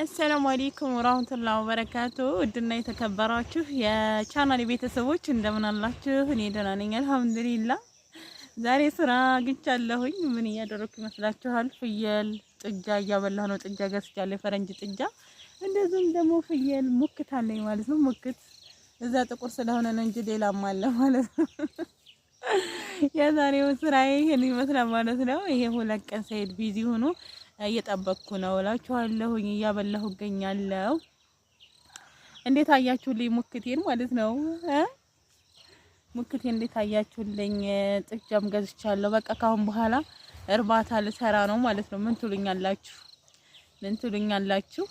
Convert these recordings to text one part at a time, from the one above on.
አሰላሙ አሌይኩም ወራህመቱላሂ ወበረካቱ። ውድና የተከበራችሁ የቻናል ቤተሰቦች እንደምን አላችሁ? እኔ ደህና ነኝ አልሐምዱሊላህ። ዛሬ ስራ አግኝቻለሁኝ። ምን እያደረኩ ይመስላችኋል? ፍየል ጥጃ እያበላሁ ነው። ጥጃ ገዝቻለሁ፣ የፈረንጅ ጥጃ። እንደዚሁም ደግሞ ፍየል ሙክት አለኝ ማለት ነው። ሙክት እዛ ጥቁር ስለሆነ ነው እንጂ ሌላም አለ ማለት ነው። የዛሬው ስራዬ ይሄን ይመስላል ማለት ነው። ይሄ ሁለት ቀን ሰይድ ቢዚ ሆኖ እየጠበቅኩ ነው እላችኋለሁኝ። እያበላሁ እገኛለሁ። እንዴት አያችሁልኝ? ሙክቴን ማለት ነው ሙክቴን እንዴት አያችሁልኝ? ጥጃም ገዝቻለሁ። በቃ ካሁን በኋላ እርባታ ልሰራ ነው ማለት ነው። ምን ትሉኛላችሁ? ምን ትሉኛላችሁ?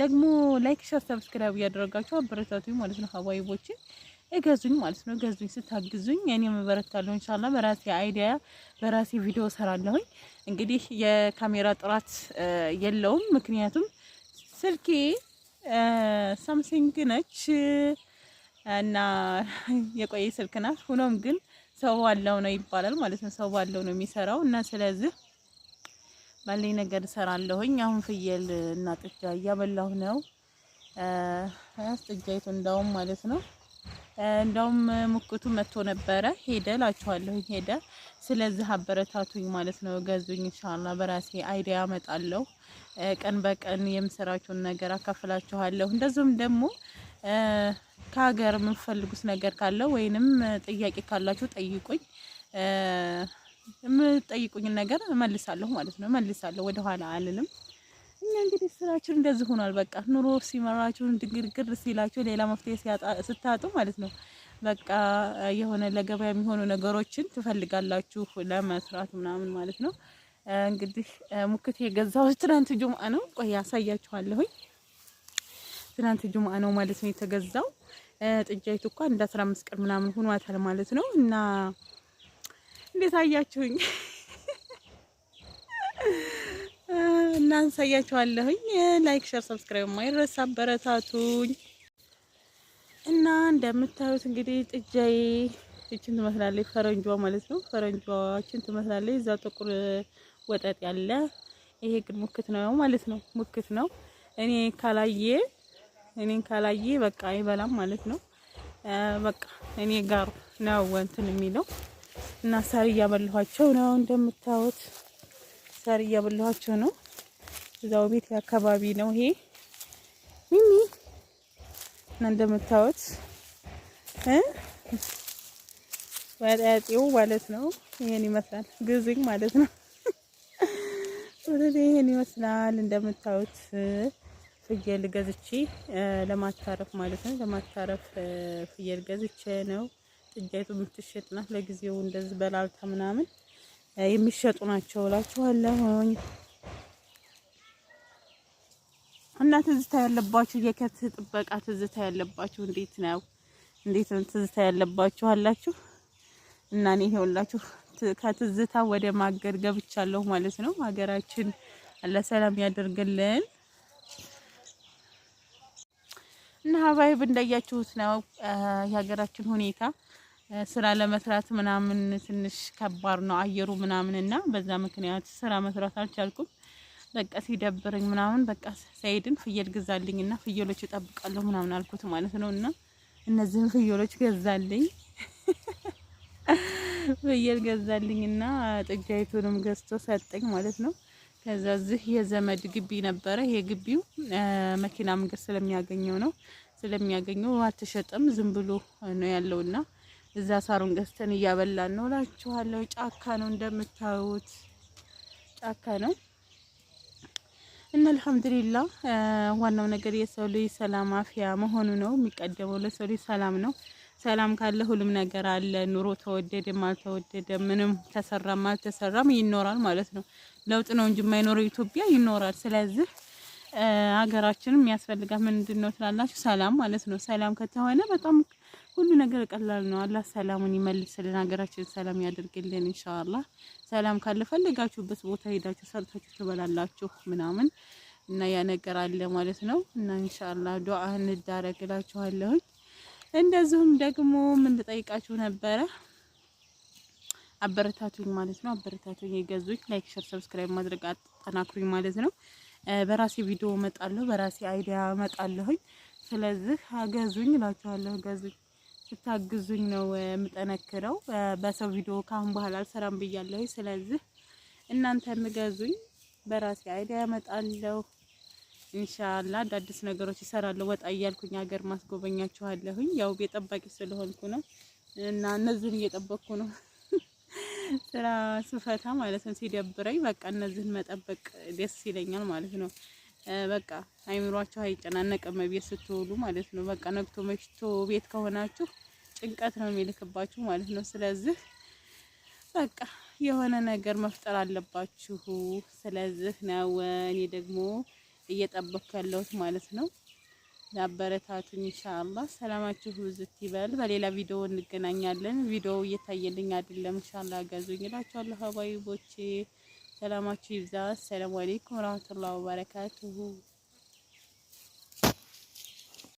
ደግሞ ላይክ፣ ሸር፣ ሰብስክራይብ እያደረጋችሁ አበረታቱኝ ማለት ነው ሀዋይቦችን እገዙኝ ማለት ነው። እገዙኝ ስታግዙኝ እኔ መበረታለሁ። ኢንሻላ በራሴ አይዲያ በራሴ ቪዲዮ ሰራለሁኝ። እንግዲህ የካሜራ ጥራት የለውም፣ ምክንያቱም ስልኬ ሳምሰንግ ነች እና የቆየ ስልክ ናት። ሆኖም ግን ሰው ባለው ነው ይባላል ማለት ነው። ሰው ባለው ነው የሚሰራው እና ስለዚህ ባለኝ ነገር እሰራለሁኝ። አሁን ፍየል እና ጥጃ እያበላሁ ነው። ጥጃይቱ እንዳውም ማለት ነው እንደውም ሙቅቱ መጥቶ ነበረ ሄደ ላችኋለሁኝ ሄደ። ስለዚህ አበረታቱኝ ማለት ነው፣ ገዙኝ። እንሻላ በራሴ አይዲያ አመጣለሁ። ቀን በቀን የምሰራቸውን ነገር አካፍላችኋለሁ። እንደዚሁም ደግሞ ከሀገር የምፈልጉት ነገር ካለ ወይንም ጥያቄ ካላችሁ ጠይቁኝ። የምጠይቁኝን ነገር እመልሳለሁ ማለት ነው፣ እመልሳለሁ ወደኋላ አልልም። እና እንግዲህ ስራችሁ እንደዚህ ሆኗል። በቃ ኑሮ ሲመራችሁ ድግርግር ሲላችሁ ሌላ መፍትሄ ስታጡ ማለት ነው በቃ የሆነ ለገበያ የሚሆኑ ነገሮችን ትፈልጋላችሁ ለመስራት ምናምን ማለት ነው። እንግዲህ ሙክት የገዛሁት ትናንት ጁምአ ነው። ቆይ ያሳያችኋለሁኝ። ትናንት ጁምአ ነው ማለት ነው የተገዛው። ጥጃይቱ እኳ እንደ አስራ አምስት ቀን ምናምን ሆኗታል ማለት ነው። እና እንዴት አያችሁኝ? እና እንሳያችኋለሁኝ። ላይክ፣ ሸር፣ ሰብስክራይብ ማይረሳ አበረታቱኝ። እና እንደምታዩት እንግዲህ ጥጃዬ እችን ትመስላለች፣ ፈረንጇ ማለት ነው። ፈረንጇችን ትመስላለች። እዛ ጥቁር ወጠጥ ያለ ይሄ ግን ሙክት ነው ማለት ነው። ሙክት ነው። እኔ ካላየ እኔን ካላየ በቃ አይበላም ማለት ነው። በቃ እኔ ጋር ነው እንትን የሚለው እና ሳር እያበላኋቸው ነው እንደምታዩት ሳር እያበላኋቸው ነው። እዛው ቤት አካባቢ ነው ይሄ ሚሚ እና እንደምታዩት እ ወጣጤው ማለት ነው ይሄን ይመስላል። ግዝግ ማለት ነው ወደኔ ይሄን ይመስላል እንደምታዩት ፍየል ገዝቼ ለማታረፍ ማለት ነው። ለማታረፍ ፍየል ገዝቼ ነው። ጥጃይቱ የምትሸጥ ለጊዜው እንደዚህ በላልታ ምናምን የሚሸጡ ናቸው እላችኋለሁ። እና ትዝታ ያለባችሁ የከብት ጥበቃ ትዝታ ያለባችሁ እንዴት ነው? እንዴት ነው ትዝታ ያለባችሁ አላችሁ? እና እኔ ይኸውላችሁ ከትዝታ ወደ ማገድ ገብቻለሁ ማለት ነው። ሀገራችን አላህ ሰላም ያደርግልን። እና ሀባይብ እንዳያችሁት ነው የሀገራችን ሁኔታ ስራ ለመስራት ምናምን ትንሽ ከባድ ነው አየሩ ምናምን እና በዛ ምክንያት ስራ መስራት አልቻልኩም። በቃ ሲደብረኝ ምናምን በቃ ሰይድን ፍየል ግዛልኝ እና ፍየሎች እጠብቃለሁ ምናምን አልኩት ማለት ነው። እና ፍየሎች ገዛልኝ ፍየል ገዛልኝ እና ጥጃይቱንም ገዝቶ ሰጠኝ ማለት ነው። ከዛ እዚህ የዘመድ ግቢ ነበረ። ይሄ ግቢው መኪና መንገድ ስለሚያገኘው ነው ስለሚያገኘው አትሸጥም፣ ዝም ብሎ ነው ያለውና እዛ ሳሩን ገዝተን እያበላን ነው እላችኋለሁ። ጫካ ነው እንደምታዩት ጫካ ነው። እና አልሐምዱሊላ ዋናው ነገር የሰው ልጅ ሰላም አፍያ መሆኑ ነው። የሚቀደመው ለሰው ልጅ ሰላም ነው። ሰላም ካለ ሁሉም ነገር አለ። ኑሮ ተወደደም አልተወደደም፣ ምንም ተሰራም አልተሰራም ይኖራል ማለት ነው። ለውጥ ነው እንጂ የማይኖረው ኢትዮጵያ ይኖራል። ስለዚህ ሀገራችንም የሚያስፈልጋት ምንድን ነው ትላላችሁ? ሰላም ማለት ነው። ሰላም ከተሆነ በጣም ሁሉ ነገር ቀላል ነው። አላህ ሰላሙን ይመልስልን፣ ሀገራችን ሰላም ያደርግልን ኢንሻአላህ። ሰላም ካለ ፈለጋችሁበት ቦታ ሄዳችሁ ሰርታችሁ ትበላላችሁ ምናምን እና ያ ነገር አለ ማለት ነው። እና ኢንሻአላህ ዱአ እንዳረግላችኋለሁ። እንደዚሁም ደግሞ ምን ልጠይቃችሁ ነበረ? አበረታቱኝ ማለት ነው። አበረታቱኝ፣ የገዙኝ ላይክ፣ ሼር፣ ሰብስክራይብ ማድረግ አጠናክሩኝ ማለት ነው። በራሴ ቪዲዮ እመጣለሁ፣ በራሴ አይዲያ እመጣለሁኝ። ስለዚህ ገዙኝ እላችኋለሁ፣ ገዙኝ ስታግዙኝ ነው የምጠነክረው። በሰው ቪዲዮ ካሁን በኋላ አልሰራም ብያለሁ። ስለዚህ እናንተ ምገዙኝ፣ በራሴ አይዲያ ያመጣለሁ። እንሻላ አዳዲስ ነገሮች ይሰራለሁ። ወጣ እያልኩኝ ሀገር ማስጎበኛችኋለሁኝ። ያው የጠባቂ ስለሆንኩ ነው እና እነዚህን እየጠበቅኩ ነው ስራ ስፈታ ማለት ነው። ሲደብረኝ በቃ እነዚህን መጠበቅ ደስ ይለኛል ማለት ነው። በቃ አይምሯችሁ አይጨናነቅም ቤት ስትውሉ ማለት ነው። በቃ ነግቶ መሽቶ ቤት ከሆናችሁ ጭንቀት ነው የሚልክባችሁ ማለት ነው። ስለዚህ በቃ የሆነ ነገር መፍጠር አለባችሁ። ስለዚህ ነው እኔ ደግሞ እየጠበኩ ያለሁት ማለት ነው። ለአበረታቱኝ ኢንሻአላህ። ሰላማችሁ ብዝት ይበል። በሌላ ቪዲዮ እንገናኛለን። ቪዲዮው እየታየልኝ አይደለም። ኢንሻአላህ አገዙኝ እላችኋለሁ። ሀባይቦቼ ሰላማችሁ ይብዛ። ሰላም አለይኩም ወራህመቱላሂ ወበረካቱሁ